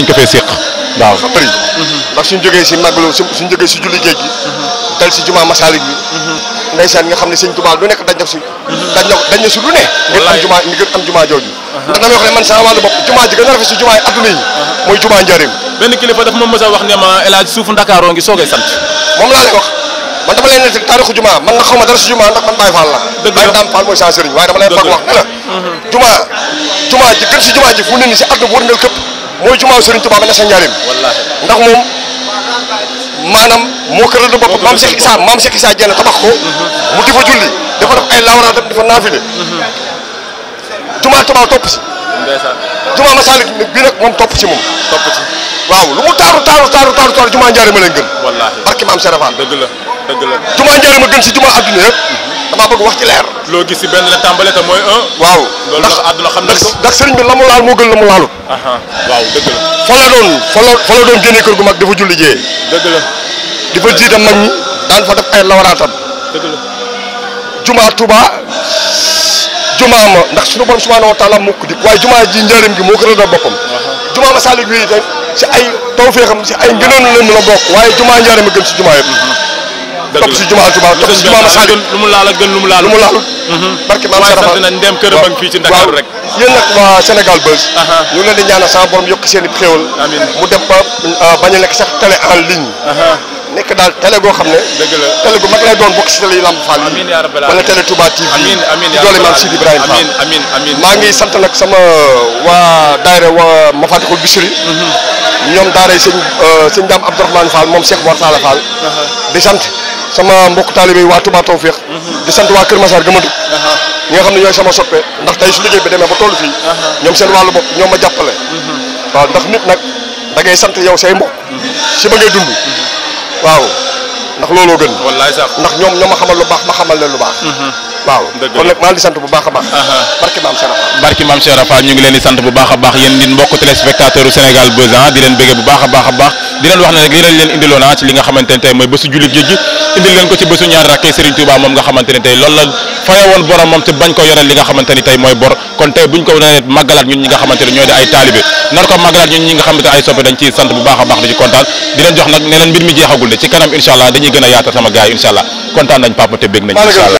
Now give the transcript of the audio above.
dañ ko fee séq waaw dafa bëri mhm. ndax suñ jógee si màggalu suñ jógee si julli géej gi mhm. dal si jumaa Masaalik bi mhm. ndeysaan nga xam ne sëñ Tuubaa lu nekk dañ def si dañ ne ngir am jumaa ji gën a si jumaa yi adduna yi mooy jumaa njëriñ benn kilifa daf ma mës a wax ne ma El Hadj Ndakaaroo ngi soogay sant moom laa lay wax man dama lay taarixu jumaa man nga xaw ma dara si jumaa ndax man Baye Fall la Baye Dame Fall mooy sa sëriñ waaye dama lay fag wax ne jumaa jumaa ji gën mooy jumaaw Serigne Touba ba ne sa ndax moom maanaam moo këral bopp maam Cheikh Issa maam Cheikh Issa Diène tabax ko mu di fa julli dafa def ay lawraat dafa naafile jumaa Touba topp si jumaa Masalik bi nag moom topp si moom topp si waaw lu mu taaru taaru taaru taaru taaru jumaa njaareem a leen gën barki maam Serafaan jumaa njaareem a gën si jumaa adduna yëpp damaa bëgg wax ci leer. loo gis si benn la tàmbale mooy un. waaw loolu ndax àdduna xam nañ ko ndax sëriñ bi la laal moo gën la mu laalut. waaw la. fa la doon fa la doon génnee kër gu mag dafa julli jiyee. dëgg la. di fa ay lawaraatam. dëgg la. jumaa Touba jumaa ma ndax suñu borom subhaanahu wa taala mukk di waaye jumaa ji njëriñ gi moo ko rëddal boppam. jumaa ma Salick bii itam si ay tawféexam si ay ngënoon la mu la bokk waaye jumaa njëriñ ma gën si jumaa yëpp mhm. topp si jumaa Tuubaa topp si jumaa Masalik lu mu laal ak gën lu mu laal lu mu laalut mhm. barke maam Serap sant nañ waa Sénégal Buzz ñu leen di ñaanal sa borom yokk seen i mu dem ba euh, bañ a nekk sax télé en ligne nekk daal télé goo xam ne télé gu mag lay doon bokk si télé yi Lamp Fall yi wala télé Touba TV ci doole maam Sidi Ibrahima Fall maa ngi sant nag sama euh, waa daayira waa Mafatixul Bichri mhm. ñoom daara sëñ euh, sëñ Dame Abdourahmane Fall moom Cheikh Mortala Fall di sant sama mbokk taalibe waa Touba Tawfekh di sant waa Kër Massar gëmadu ñi nga xam ne ñooy sama soppe ndax su liggéey bi ba toll fii ñoom seen wàllu bopp ñoom ma jàppale waaw ndax nit nag da sant yow say mbokk si ba ngay dund waaw ndax looloo gën wallaay sax ndax ñoom ñoo ma xamal lu baax ma xamal leen lu baax waaw kon nag maa ngi di sant bu baax a baax barki maam Cheikh Rafa ñu ngi leen di sant bu baax a baax yéen ñun mbokk téléspectateur Sénégal Buzz di leen bëggee bu baax a baax a baax di leen wax ne rek lii leen indiloon ah ci li nga xamante ne mooy bésu jullit jëjji indil leen ko ci bésu ñaari rakkee Serigne Touba moom nga xamante ne tey la faye woon moom te bañ ko yoreel li nga xamante ni tey mooy bor kon tey buñ ko nee màggalaat ñun ñi nga xamante a a